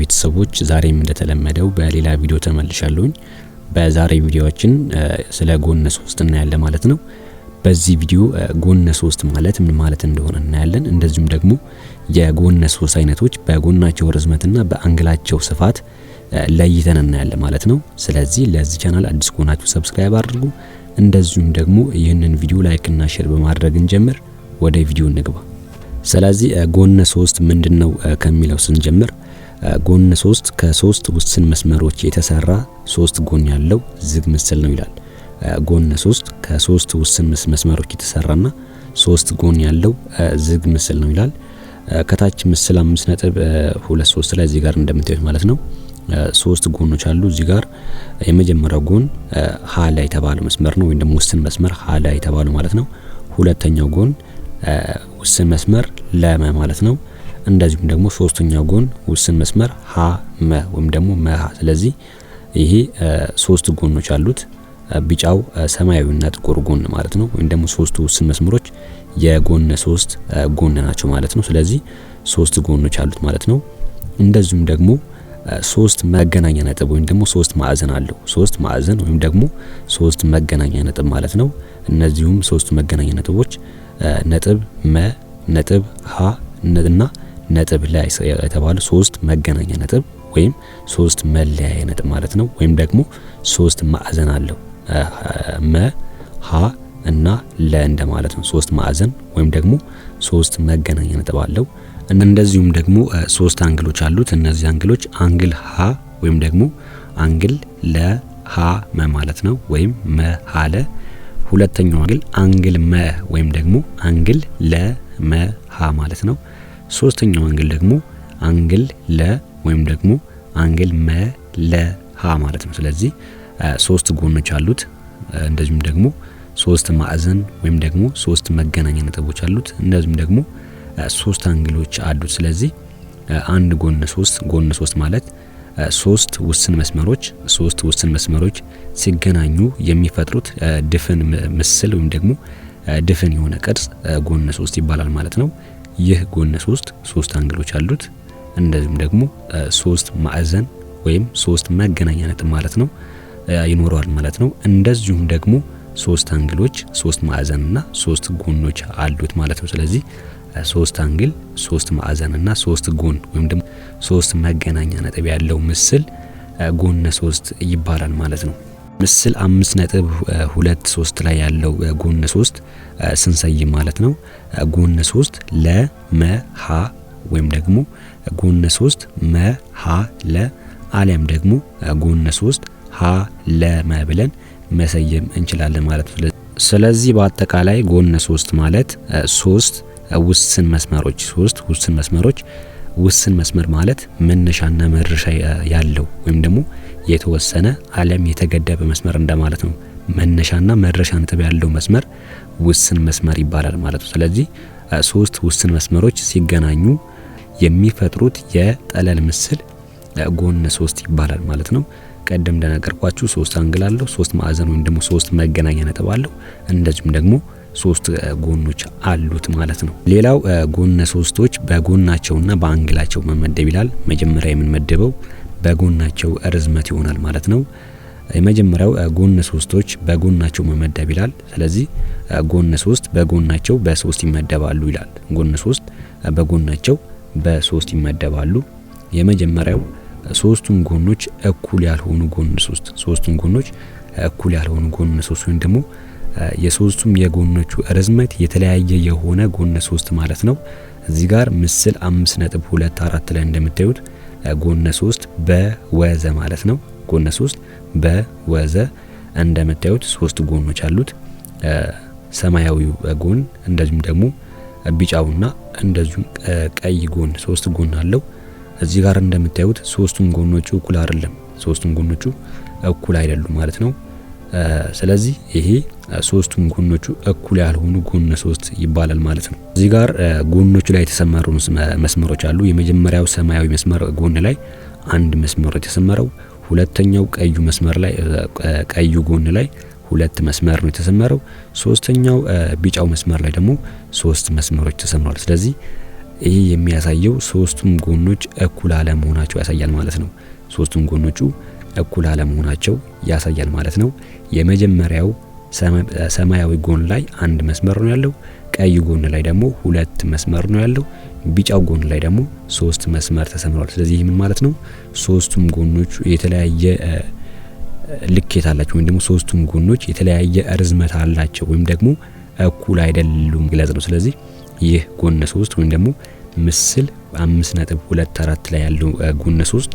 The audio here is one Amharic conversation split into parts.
ቤተሰቦች ዛሬም እንደተለመደው በሌላ ቪዲዮ ተመልሻለሁኝ። በዛሬ ቪዲዮችን ስለ ጎነ ሶስት እናያለን ማለት ነው። በዚህ ቪዲዮ ጎነ ሶስት ማለት ምን ማለት እንደሆነ እናያለን። እንደዚሁም ደግሞ የጎነ ሶስት አይነቶች በጎናቸው ርዝመትና በአንግላቸው ስፋት ለይተን እናያለን ማለት ነው። ስለዚህ ለዚህ ቻናል አዲስ ከሆናችሁ ሰብስክራይብ አድርጉ። እንደዚሁም ደግሞ ይህንን ቪዲዮ እና ሼር በማድረግ እንጀምር። ወደ ቪዲዮ እንግባ። ስለዚህ ጎነ ሶስት ምንድን ነው ከሚለው ስንጀምር ጎን ሶስት ከሶስት ውስን መስመሮች የተሰራ ሶስት ጎን ያለው ዝግ ምስል ነው ይላል። ጎን ሶስት ከሶስት ውስን መስመሮች የተሰራና ሶስት ጎን ያለው ዝግ ምስል ነው ይላል። ከታች ምስል አምስት ነጥብ ሁለት ሶስት ላይ እዚህ ጋር እንደምታዩት ማለት ነው ሶስት ጎኖች አሉ። እዚህ ጋር የመጀመሪያው ጎን ሀ ላይ የተባለው መስመር ነው ወይም ደግሞ ውስን መስመር ሀ ላይ የተባለው ማለት ነው። ሁለተኛው ጎን ውስን መስመር ለመ ማለት ነው። እንደዚሁም ደግሞ ሶስተኛው ጎን ውስን መስመር ሀ መ ወይም ደግሞ መሀ። ስለዚህ ይሄ ሶስት ጎኖች አሉት፣ ቢጫው፣ ሰማያዊና ጥቁር ጎን ማለት ነው። ወይም ደግሞ ሶስቱ ውስን መስመሮች የጎን ሶስት ጎን ናቸው ማለት ነው። ስለዚህ ሶስት ጎኖች አሉት ማለት ነው። እንደዚሁም ደግሞ ሶስት መገናኛ ነጥብ ወይም ደግሞ ሶስት ማዕዘን አለው። ሶስት ማዕዘን ወይም ደግሞ ሶስት መገናኛ ነጥብ ማለት ነው። እነዚሁም ሶስቱ መገናኛ ነጥቦች ነጥብ መ፣ ነጥብ ሀ እና ነጥብ ላይ የተባለ ሶስት መገናኛ ነጥብ ወይም ሶስት መለያ ነጥብ ማለት ነው። ወይም ደግሞ ሶስት ማዕዘን አለው መ ሀ እና ለ እንደማለት ነው። ሶስት ማዕዘን ወይም ደግሞ ሶስት መገናኛ ነጥብ አለው። እንደዚሁም ደግሞ ሶስት አንግሎች አሉት። እነዚህ አንግሎች አንግል ሀ ወይም ደግሞ አንግል ለ ሀ መ ማለት ነው ወይም መ ሀ ለ። ሁለተኛው አንግል አንግል መ ወይም ደግሞ አንግል ለ መ ሀ ማለት ነው። ሶስተኛው አንግል ደግሞ አንግል ለ ወይም ደግሞ አንግል መ ለ ሀ ማለት ነው። ስለዚህ ሶስት ጎኖች አሉት። እንደዚሁም ደግሞ ሶስት ማዕዘን ወይም ደግሞ ሶስት መገናኛ ነጥቦች አሉት። እንደዚሁም ደግሞ ሶስት አንግሎች አሉት። ስለዚህ አንድ ጎን ሶስት ጎን ሶስት ማለት ሶስት ውስን መስመሮች ሶስት ውስን መስመሮች ሲገናኙ የሚፈጥሩት ድፍን ምስል ወይም ደግሞ ድፍን የሆነ ቅርጽ ጎን ሶስት ይባላል ማለት ነው። ይህ ጎነ ሶስት ሶስት አንግሎች አሉት። እንደዚሁም ደግሞ ሶስት ማዕዘን ወይም ሶስት መገናኛ ነጥብ ማለት ነው ይኖረዋል ማለት ነው። እንደዚሁም ደግሞ ሶስት አንግሎች ሶስት ማዕዘንና ሶስት ጎኖች አሉት ማለት ነው። ስለዚህ ሶስት አንግል ሶስት ማዕዘንና ሶስት ጎን ወይም ደግሞ ሶስት መገናኛ ነጥብ ያለው ምስል ጎነ ሶስት ይባላል ማለት ነው። ምስል አምስት ነጥብ ሁለት ሶስት ላይ ያለው ጎን ሶስት ስንሰይም ማለት ነው። ጎን ሶስት ሀ ወይም ደግሞ ጎን ሶስት ሀ ለ አሊያም ደግሞ ጎን ሶስት ሀ ለመ ብለን መሰየም እንችላለን ማለት ነው። ስለዚህ በአጠቃላይ ጎን ሶስት ማለት ሶስት ውስን መስመሮች ሶስት ውስን መስመሮች ውስን መስመር ማለት መነሻና መድረሻ ያለው ወይም ደግሞ የተወሰነ ዓለም የተገደበ መስመር እንደማለት ነው። መነሻና መድረሻ ነጥብ ያለው መስመር ውስን መስመር ይባላል ማለት ነው። ስለዚህ ሶስት ውስን መስመሮች ሲገናኙ የሚፈጥሩት የጠለል ምስል ጎን ሶስት ይባላል ማለት ነው። ቀደም እንደነገርኳችሁ ሶስት አንግል አለው፣ ሶስት ማዕዘን ወይም ደግሞ ሶስት መገናኛ ነጥብ አለው። እንደዚሁም ደግሞ ሶስት ጎኖች አሉት ማለት ነው። ሌላው ጎነ ሶስቶች በጎናቸውና በአንግላቸው መመደብ ይላል። መጀመሪያ የምንመደበው በጎናቸው ርዝመት ይሆናል ማለት ነው። የመጀመሪያው ጎነ ሶስቶች በጎናቸው መመደብ ይላል። ስለዚህ ጎነ ሶስት በጎናቸው በሶስት ይመደባሉ ይላል። ጎነ ሶስት በጎናቸው በሶስት ይመደባሉ። የመጀመሪያው ሶስቱን ጎኖች እኩል ያልሆኑ ጎነ ሶስት ሶስቱን ጎኖች እኩል ያልሆኑ ጎነ ሶስት ወይም ደግሞ የሶስቱም የጎኖቹ ርዝመት የተለያየ የሆነ ጎን ሶስት ማለት ነው። እዚህ ጋር ምስል 5.24 ላይ እንደምታዩት ጎነ ሶስት በወዘ ማለት ነው። ጎነ ሶስት በወዘ እንደምታዩት ሶስት ጎኖች አሉት። ሰማያዊው ጎን እንደዚሁም ደግሞ ቢጫውና እንደዚሁም ቀይ ጎን ሶስት ጎን አለው። እዚህ ጋር እንደምታዩት ሶስቱም ጎኖቹ እኩል አይደለም። ሶስቱም ጎኖቹ እኩል አይደሉም ማለት ነው። ስለዚህ ይሄ ሶስቱም ጎኖቹ እኩል ያልሆኑ ጎን ሶስት ይባላል ማለት ነው። እዚህ ጋር ጎኖቹ ላይ የተሰመሩ መስመሮች አሉ። የመጀመሪያው ሰማያዊ መስመር ጎን ላይ አንድ መስመር የተሰመረው፣ ሁለተኛው ቀዩ መስመር ላይ ቀዩ ጎን ላይ ሁለት መስመር ነው የተሰመረው፣ ሶስተኛው ቢጫው መስመር ላይ ደግሞ ሶስት መስመሮች ተሰምረዋል። ስለዚህ ይህ የሚያሳየው ሶስቱም ጎኖች እኩል አለመሆናቸው ያሳያል ማለት ነው። ሶስቱም ጎኖቹ እኩል አለመሆናቸው ያሳያል ማለት ነው። የመጀመሪያው ሰማያዊ ጎን ላይ አንድ መስመር ነው ያለው። ቀይ ጎን ላይ ደግሞ ሁለት መስመር ነው ያለው። ቢጫው ጎን ላይ ደግሞ ሶስት መስመር ተሰምሯል። ስለዚህ ምን ማለት ነው? ሶስቱም ጎኖች የተለያየ ልኬት አላቸው ወይም ደግሞ ሶስቱም ጎኖች የተለያየ ርዝመት አላቸው ወይም ደግሞ እኩል አይደሉም ግለጽ ነው። ስለዚህ ይህ ጎነ ሶስት ወይም ደግሞ ምስል አምስት ነጥብ ሁለት አራት ላይ ያለው ጎነ ሶስት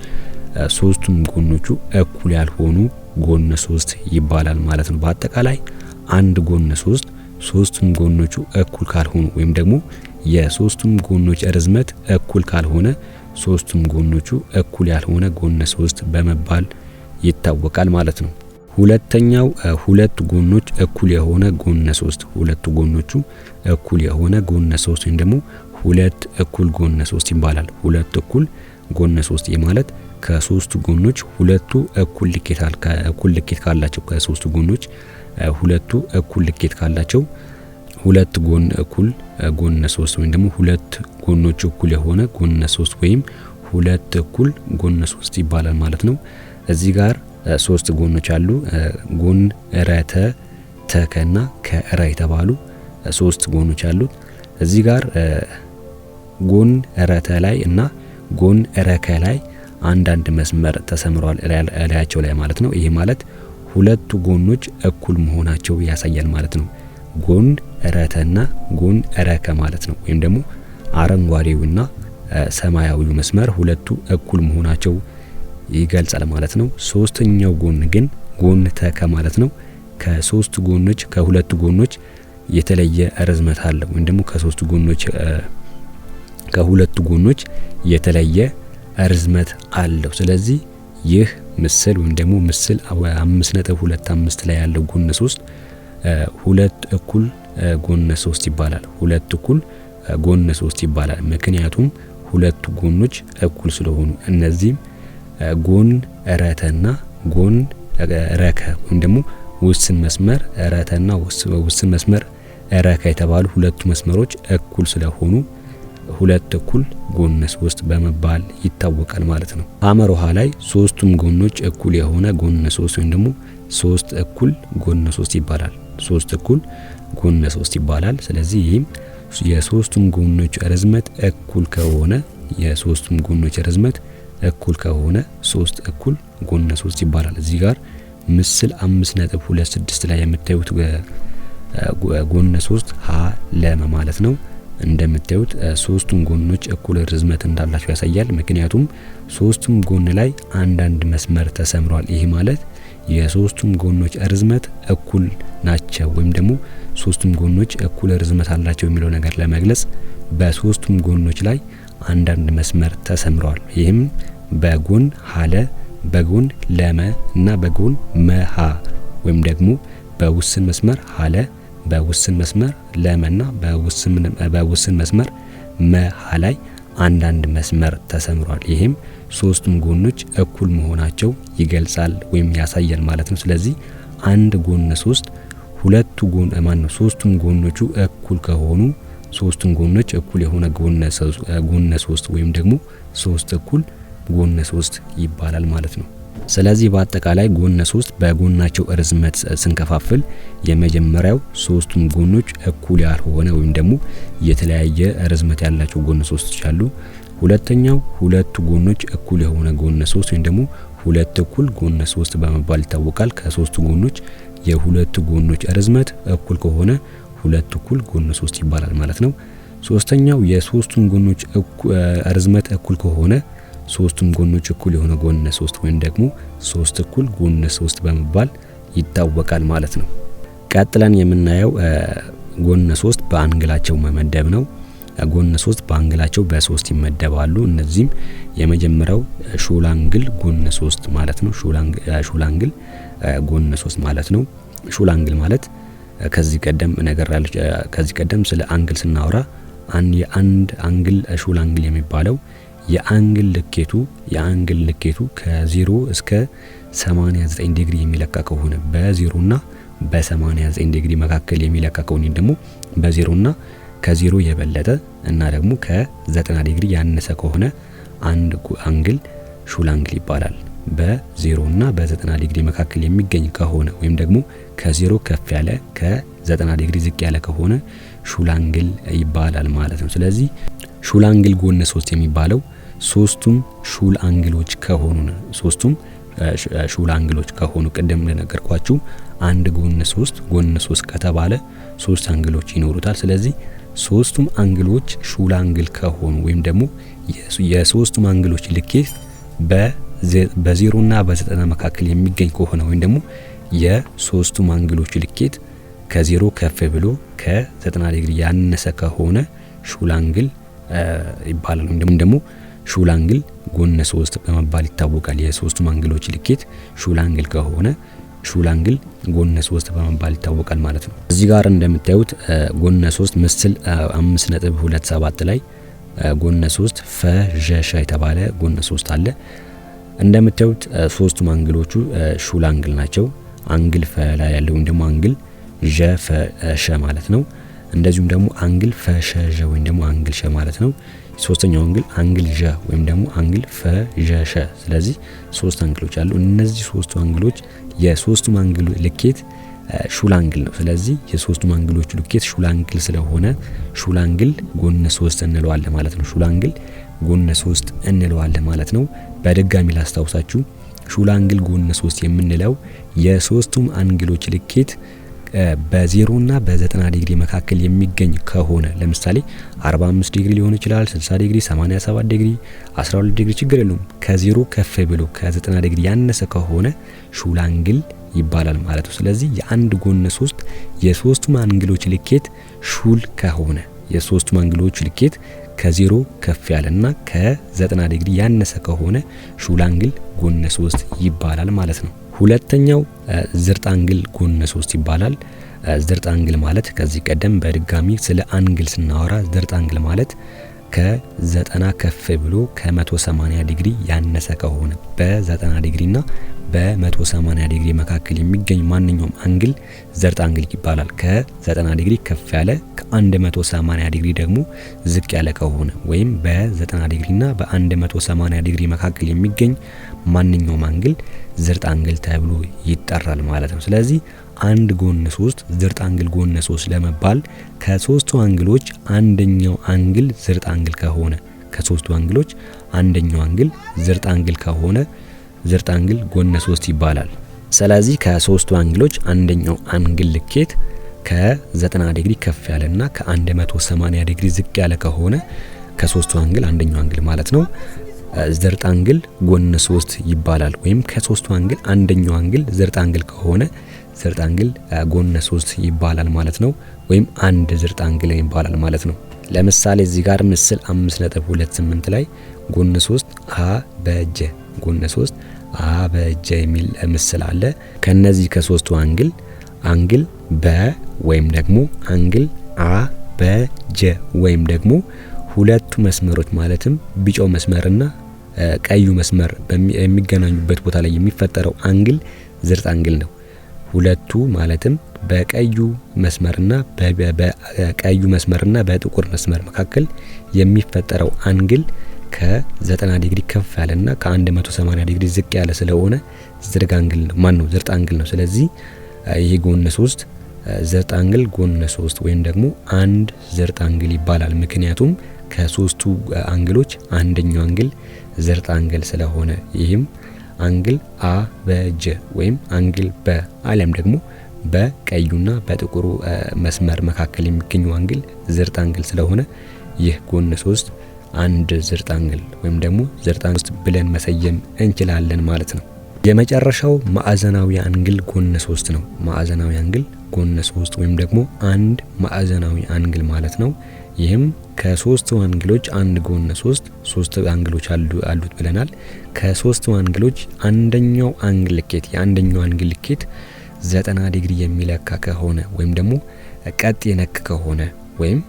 ሶስቱም ጎኖቹ እኩል ያልሆኑ ጎነ ሶስት ይባላል ማለት ነው። በአጠቃላይ አንድ ጎነ ሶስት ሶስቱም ጎኖቹ እኩል ካልሆኑ ወይም ደግሞ የሶስቱም ጎኖች ርዝመት እኩል ካልሆነ ሶስቱም ጎኖቹ እኩል ያልሆነ ጎነ ሶስት በመባል ይታወቃል ማለት ነው። ሁለተኛው ሁለት ጎኖች እኩል የሆነ ጎነ ሶስት ሁለቱ ጎኖቹ እኩል የሆነ ጎነ ሶስት ወይም ደግሞ ሁለት እኩል ጎነ ሶስት ይባላል። ሁለት እኩል ጎነ ሶስት ማለት ከሶስቱ ጎኖች ሁለቱ እኩል ልኬት እኩል ልኬት ካላቸው ከሶስቱ ጎኖች ሁለቱ እኩል ልኬት ካላቸው ሁለት ጎን እኩል ጎነ ሶስት ወይም ደግሞ ሁለት ጎኖች እኩል የሆነ ጎነ ሶስት ወይም ሁለት እኩል ጎነ ሶስት ይባላል ማለት ነው። እዚህ ጋር ሶስት ጎኖች አሉ። ጎን ረተ ተከና ከራ የተባሉ ሶስት ጎኖች አሉት። እዚህ ጋር ጎን ረተ ላይ እና ጎን ረከ ላይ አንዳንድ መስመር ተሰምሯል እላያቸው ላይ ማለት ነው። ይህ ማለት ሁለቱ ጎኖች እኩል መሆናቸው ያሳያል ማለት ነው። ጎን ረተና ጎን ረከ ማለት ነው። ወይም ደግሞ አረንጓዴውና ሰማያዊው መስመር ሁለቱ እኩል መሆናቸው ይገልጻል ማለት ነው። ሶስተኛው ጎን ግን ጎን ተከ ማለት ነው። ከሶስት ጎኖች ከሁለቱ ጎኖች የተለየ ርዝመት አለ ወይም ደግሞ ከሶስት ጎኖች ከሁለቱ ጎኖች የተለየ ርዝመት አለው። ስለዚህ ይህ ምስል ወይም ደግሞ ምስል 5.25 ላይ ያለው ጎነ 3 ሁለት እኩል ጎነ 3 ይባላል። ሁለት እኩል ጎነ 3 ይባላል። ምክንያቱም ሁለቱ ጎኖች እኩል ስለሆኑ እነዚህም ጎን ረተና ጎን ረከ ወይም ደግሞ ውስን መስመር ረተና ውስን መስመር ረከ የተባሉ ሁለቱ መስመሮች እኩል ስለሆኑ ሁለት እኩል ጎነ ሶስት በመባል ይታወቃል ማለት ነው። ሀመር ውሃ ላይ ሶስቱም ጎኖች እኩል የሆነ ጎነ ሶስት ወይም ደግሞ ሶስት እኩል ጎነ ሶስት ይባላል። ሶስት እኩል ጎነ ሶስት ይባላል። ስለዚህ ይህም የሶስቱም ጎኖች ርዝመት እኩል ከሆነ የሶስቱም ጎኖች ርዝመት እኩል ከሆነ ሶስት እኩል ጎነ ሶስት ይባላል። እዚህ ጋር ምስል 5.26 ላይ የምታዩት ጎነ ሶስት ሀ ለም ማለት ነው። እንደምታዩት ሶስቱም ጎኖች እኩል ርዝመት እንዳላቸው ያሳያል። ምክንያቱም ሶስቱም ጎን ላይ አንዳንድ መስመር ተሰምሯል። ይህ ማለት የሶስቱም ጎኖች ርዝመት እኩል ናቸው ወይም ደግሞ ሶስቱም ጎኖች እኩል ርዝመት አላቸው የሚለው ነገር ለመግለጽ በሶስቱም ጎኖች ላይ አንዳንድ መስመር ተሰምረዋል። ይህም በጎን ሀለ፣ በጎን ለመ እና በጎን መሀ ወይም ደግሞ በውስን መስመር ሀለ በውስን መስመር ለመና በውስን መስመር መሀ ላይ አንዳንድ መስመር ተሰምሯል። ይህም ሶስቱም ጎኖች እኩል መሆናቸው ይገልጻል ወይም ያሳያል ማለት ነው። ስለዚህ አንድ ጎን ሶስት ሁለቱ ጎን ማን ነው ሶስቱም ጎኖቹ እኩል ከሆኑ ሶስቱም ጎኖች እኩል የሆነ ጎነ ሶስት ወይም ደግሞ ሶስት እኩል ጎነ ሶስት ይባላል ማለት ነው። ስለዚህ በአጠቃላይ ጎነ ሶስት በጎናቸው ርዝመት ስንከፋፍል የመጀመሪያው ሶስቱም ጎኖች እኩል ያልሆነ ወይም ደግሞ የተለያየ ርዝመት ያላቸው ጎነ ሶስቶች አሉ። ሁለተኛው ሁለቱ ጎኖች እኩል የሆነ ጎነ ሶስት ወይም ደግሞ ሁለት እኩል ጎነ ሶስት በመባል ይታወቃል። ከሶስቱ ጎኖች የሁለቱ ጎኖች ርዝመት እኩል ከሆነ ሁለት እኩል ጎነ ሶስት ይባላል ማለት ነው። ሶስተኛው የሶስቱም ጎኖች ርዝመት እኩል ከሆነ ሶስቱም ጎኖች እኩል የሆነ ጎነ ሶስት ወይም ደግሞ ሶስት እኩል ጎነ ሶስት በመባል ይታወቃል ማለት ነው። ቀጥለን የምናየው ጎነ ሶስት በአንግላቸው መመደብ ነው። ጎነ ሶስት በአንግላቸው በሶስት ይመደባሉ። እነዚህም የመጀመሪያው ሹላንግል ጎነ ሶስት ማለት ነው። ሹላንግል ጎነ ሶስት ማለት ነው። ሹላንግል ማለት ከዚህ ቀደም ነገር ከዚህ ቀደም ስለ አንግል ስናወራ አንድ አንግል ሹላንግል የሚባለው የአንግል ልኬቱ የአንግል ልኬቱ ከ0 እስከ 89 ዲግሪ የሚለካ ከሆነ በ0 እና በ89 ዲግሪ መካከል የሚለካ ከሆነ ደግሞ በ0 እና ከ0 የበለጠ እና ደግሞ ከ90 ዲግሪ ያነሰ ከሆነ አንድ አንግል ሹል አንግል ይባላል። በ0 እና በ90 ዲግሪ መካከል የሚገኝ ከሆነ ወይም ደግሞ ከ0 ከፍ ያለ ከ90 ዲግሪ ዝቅ ያለ ከሆነ ሹል አንግል ይባላል ማለት ነው። ስለዚህ ሹል አንግል ጎነ ሶስት የሚባለው ሶስቱም ሹል አንግሎች ከሆኑ ሶስቱም ሹል አንግሎች ከሆኑ ቅድም እንደነገርኳችሁ አንድ ጎን ሶስት ጎን ሶስት ከተባለ ሶስት አንግሎች ይኖሩታል። ስለዚህ ሶስቱም አንግሎች ሹል አንግል ከሆኑ ወይም ደግሞ የሶስቱም አንግሎች ልኬት እና በዘጠና መካከል የሚገኝ ከሆነ ወይም ደግሞ የሶስቱም አንግሎች ልኬት ከዜሮ ከፍ ብሎ ከዘጠና ዲግሪ ያነሰ ከሆነ ሹል አንግል ይባላል ወይም ደግሞ ሹል አንግል ጎነ ሶስት በመባል ይታወቃል። የሶስቱም አንግሎች ልኬት ሹል አንግል ከሆነ ሹል አንግል ጎነ ሶስት በመባል ይታወቃል ማለት ነው። እዚህ ጋር እንደምታዩት ጎነ ሶስት ምስል 5.27 ላይ ጎነ ሶስት ፈዠሻ የተባለ ጎነ ሶስት አለ። እንደምታዩት ሶስቱም አንግሎቹ ሹል አንግል ናቸው። አንግል ፈ ላይ ያለው ወይም ደግሞ አንግል ዠ ፈ ሸ ማለት ነው። እንደዚሁም ደግሞ አንግል ፈሸ ዠ ወይም ደግሞ አንግል ሸ ማለት ነው። ሶስተኛው አንግል አንግል ዠ ወይም ደግሞ አንግል ፈ ዠ ሸ። ስለዚህ ሶስት አንግሎች አሉ። እነዚህ ሶስቱ አንግሎች የሶስቱም አንግል ልኬት ሹል አንግል ነው። ስለዚህ የሶስቱም አንግሎች ልኬት ሹል አንግል ስለሆነ ሹል አንግል ጎነ ሶስት እንለዋለን ማለት ነው። ሹል አንግል ጎነ ሶስት እንለዋለን ማለት ነው። በድጋሚ ላስታውሳችሁ ሹል አንግል ጎነ ሶስት የምንለው የሶስቱም አንግሎች ልኬት በዜሮና በ90 ዲግሪ መካከል የሚገኝ ከሆነ ለምሳሌ 45 ዲግሪ ሊሆን ይችላል፣ 60 ዲግሪ፣ 87 ዲግሪ፣ 12 ዲግሪ ችግር የለውም። ከዜሮ ከፍ ብሎ ከ90 ዲግሪ ያነሰ ከሆነ ሹላንግል ይባላል ማለት ነው። ስለዚህ የአንድ ጎን ሶስት የሶስቱም አንግሎች ልኬት ሹል ከሆነ የሶስቱም አንግሎች ልኬት ከዜሮ ከፍ ያለና ከ90 ዲግሪ ያነሰ ከሆነ ሹላንግል አንግል ጎነ ሶስት ይባላል ማለት ነው። ሁለተኛው ዝርጥ አንግል ጎን ሶስት ይባላል። ዝርጥ አንግል ማለት ከዚህ ቀደም በድጋሚ ስለ አንግል ስናወራ ዝርጥ አንግል ማለት ከ90 ከፍ ብሎ ከ180 ዲግሪ ያነሰ ከሆነ በ90 ዲግሪና በ180 ዲግሪ መካከል የሚገኝ ማንኛውም አንግል ዝርጥ አንግል ይባላል። ከ90 ዲግሪ ከፍ ያለ ከ180 ዲግሪ ደግሞ ዝቅ ያለ ከሆነ ወይም በ90 ዲግሪና በ180 ዲግሪ መካከል የሚገኝ ማንኛውም አንግል ዝርጥ አንግል ተብሎ ይጠራል ማለት ነው። ስለዚህ አንድ ጎን ሶስት ዝርጥ አንግል ጎን ሶስት ለመባል ከሶስቱ አንግሎች አንደኛው አንግል ዝርጥ አንግል ከሆነ ከሶስቱ አንግሎች አንደኛው አንግል ዝርጥ አንግል ከሆነ ዝርጥ አንግል ጎን ሶስት ይባላል። ስለዚህ ከሶስቱ አንግሎች አንደኛው አንግል ልኬት ከ90 ዲግሪ ከፍ ያለና ከ180 ዲግሪ ዝቅ ያለ ከሆነ ከሶስቱ አንግል አንደኛው አንግል ማለት ነው ዘርጥ አንግል ጎን ሶስት ይባላል። ወይም ከሶስቱ አንግል አንደኛው አንግል ዘርጥ አንግል ከሆነ ዘርጥ አንግል ጎነ ሶስት ይባላል ማለት ነው። ወይም አንድ ዘርጥ አንግል ይባላል ማለት ነው። ለምሳሌ እዚህ ጋር ምስል 5.28 ላይ ጎነ ሶስት አ በጀ ጎነ ሶስት አ በጀ የሚል ምስል አለ። ከነዚህ ከሶስቱ አንግል አንግል በ ወይም ደግሞ አንግል አ በጀ ወይም ደግሞ ሁለቱ መስመሮች ማለትም ቢጫው መስመርና ቀዩ መስመር የሚገናኙበት ቦታ ላይ የሚፈጠረው አንግል ዝርጥ አንግል ነው። ሁለቱ ማለትም በቀዩ መስመርና በቀዩ መስመርና በጥቁር መስመር መካከል የሚፈጠረው አንግል ከ90 ዲግሪ ከፍ ያለና ከ180 ዲግሪ ዝቅ ያለ ስለሆነ ዝርግ አንግል ነው። ማን ነው? ዝርጥ አንግል ነው። ስለዚህ ይሄ ጎነ 3 ዝርጥ አንግል ጎነ 3 ወይም ደግሞ አንድ ዝርጥ አንግል ይባላል። ምክንያቱም ከሶስቱ አንግሎች አንደኛው አንግል ዝርጥ አንግል ስለሆነ ይህም አንግል አ በጀ ወይም አንግል በ አሊያም ደግሞ በቀዩና በጥቁሩ መስመር መካከል የሚገኘው አንግል ዝርጥ አንግል ስለሆነ ይህ ጎን ሶስት አንድ ዝርጥ አንግል ወይም ደግሞ ዝርጥ አንግል ብለን መሰየም እንችላለን ማለት ነው። የመጨረሻው ማዕዘናዊ አንግል ጎን ሶስት ነው። ማዕዘናዊ አንግል ጎን ሶስት ወይም ደግሞ አንድ ማዕዘናዊ አንግል ማለት ነው። ይህም ከሶስት ወንጌሎች አንድ ጎን ሶስት ሶስት አንግሎች አሉት ብለናል። ከሶስት ወንጌሎች አንደኛው አንግል ልኬት የአንደኛው አንግል ልኬት ዘጠና ዲግሪ የሚለካ ከሆነ ወይም ደግሞ ቀጥ የነክ ከሆነ ወይም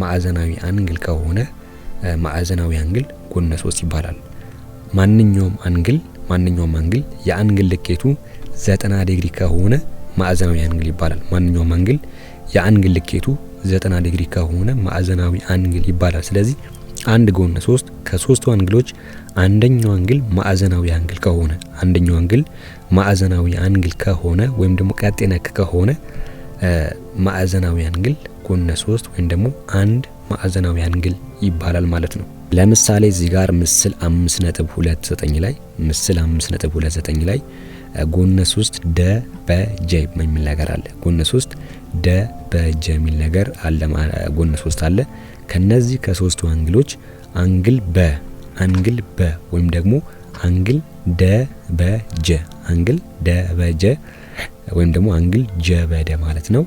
ማዕዘናዊ አንግል ከሆነ ማዕዘናዊ አንግል ጎነ ሶስት ይባላል። ማንኛውም አንግል ማንኛውም አንግል የአንግል ልኬቱ ዘጠና ዲግሪ ከሆነ ማዕዘናዊ አንግል ይባላል። ማንኛውም አንግል የአንግል ልኬቱ 90 ዲግሪ ከሆነ ማዕዘናዊ አንግል ይባላል። ስለዚህ አንድ ጎን ሶስት ከሶስቱ አንግሎች አንደኛው አንግል ማዕዘናዊ አንግል ከሆነ አንደኛው አንግል ማዕዘናዊ አንግል ከሆነ ወይም ደግሞ ቀጥ ነክ ከሆነ ማዕዘናዊ አንግል ጎነ ሶስት ወይም ደግሞ አንድ ማዕዘናዊ አንግል ይባላል ማለት ነው። ለምሳሌ እዚህ ጋር ምስል 5.29 ላይ ምስል 5.29 ላይ ጎነ 3 ደ በጀ የሚል ነገር አለ። ጎነ 3 ደ በእጅ የሚል ነገር አለ፣ ጎን ሶስት አለ። ከነዚህ ከሶስቱ አንግሎች አንግል በ አንግል በ ወይም ደግሞ አንግል ደ በጀ አንግል ደ በጀ ወይም ደግሞ አንግል ጀ በደ ማለት ነው።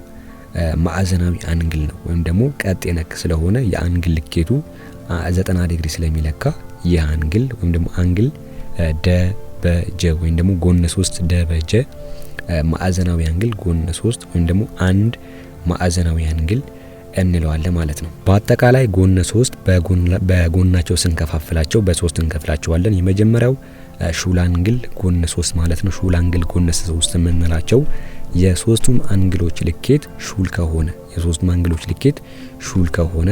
ማዕዘናዊ አንግል ነው ወይም ደግሞ ቀጥ የነክ ስለሆነ የአንግል ልኬቱ 90 ዲግሪ ስለሚለካ ይህ አንግል ወይም ደግሞ አንግል ደ በጀ ወይም ደግሞ ጎን ሶስት ደ በጀ ማዕዘናዊ አንግል ጎን ሶስት ወይም ደግሞ አንድ ማዕዘናዊ አንግል እንለዋለን ማለት ነው። በአጠቃላይ ጎነ ሶስት በጎናቸው ስንከፋፍላቸው በሶስት እንከፍላቸዋለን። የመጀመሪያው ሹላንግል ጎን ጎነ ሶስት ማለት ነው። ሹላንግል አንግል ጎነ ሶስት የምንላቸው የሶስቱም አንግሎች ልኬት ሹል ከሆነ የሶስቱም አንግሎች ልኬት ሹል ከሆነ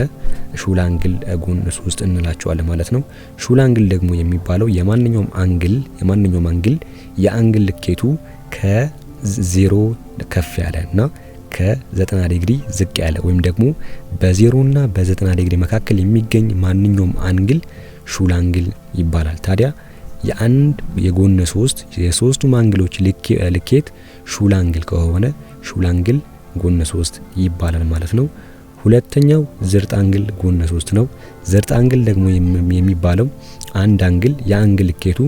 ሹላንግል አንግል ጎን ሶስት እንላቸዋለን ማለት ነው። ሹላንግል አንግል ደግሞ የሚባለው የማንኛውም አንግል የማንኛውም አንግል የአንግል ልኬቱ ከ ዜሮ ከፍ ያለ እና ከ90 ዲግሪ ዝቅ ያለ ወይም ደግሞ በዜሮ እና በ90 ዲግሪ መካከል የሚገኝ ማንኛውም አንግል ሹል አንግል ይባላል። ታዲያ የአንድ የጎነ ሶስት የሶስቱም አንግሎች ልኬት ሹል አንግል ከሆነ ሹል አንግል ጎነ ሶስት ይባላል ማለት ነው። ሁለተኛው ዝርጥ አንግል ጎነ ሶስት ነው። ዝርጥ አንግል ደግሞ የሚባለው አንድ አንግል የአንግል ልኬቱ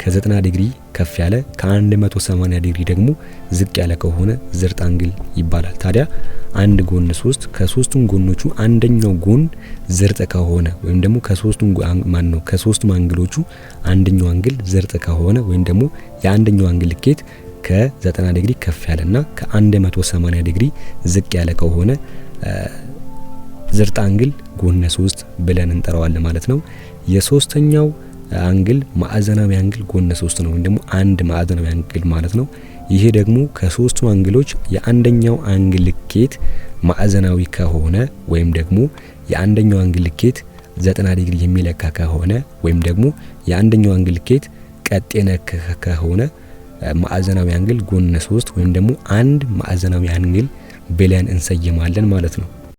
ከ90 ዲግሪ ከፍ ያለ ከ180 ዲግሪ ደግሞ ዝቅ ያለ ከሆነ ዝርጥ አንግል ይባላል። ታዲያ አንድ ጎን ሶስት ከሶስቱም ጎኖቹ አንደኛው ጎን ዝርጥ ከሆነ ወይም ደግሞ ከሶስቱም ማን ነው ከሶስቱም አንግሎቹ አንደኛው አንግል ዝርጥ ከሆነ ወይም ደግሞ የአንደኛው አንግል ልኬት ከ90 ዲግሪ ከፍ ያለና ከ180 ዲግሪ ዝቅ ያለ ከሆነ ዝርጥ አንግል ጎነ ሶስት ብለን እንጠራዋለን ማለት ነው። የሶስተኛው አንግል ማዕዘናዊ አንግል ጎነ ሶስት ነው ወይም ደግሞ አንድ ማዕዘናዊ አንግል ማለት ነው። ይሄ ደግሞ ከሶስቱ አንግሎች የአንደኛው አንግል ልኬት ማዕዘናዊ ከሆነ ወይም ደግሞ የአንደኛው አንግል ልኬት 90 ዲግሪ የሚለካ ከሆነ ወይም ደግሞ የአንደኛው አንግል ልኬት ቀጤ ከሆነ ማዕዘናዊ አንግል ጎነ ሶስት ወይም ደግሞ አንድ ማዕዘናዊ አንግል ብለን እንሰይማለን ማለት ነው።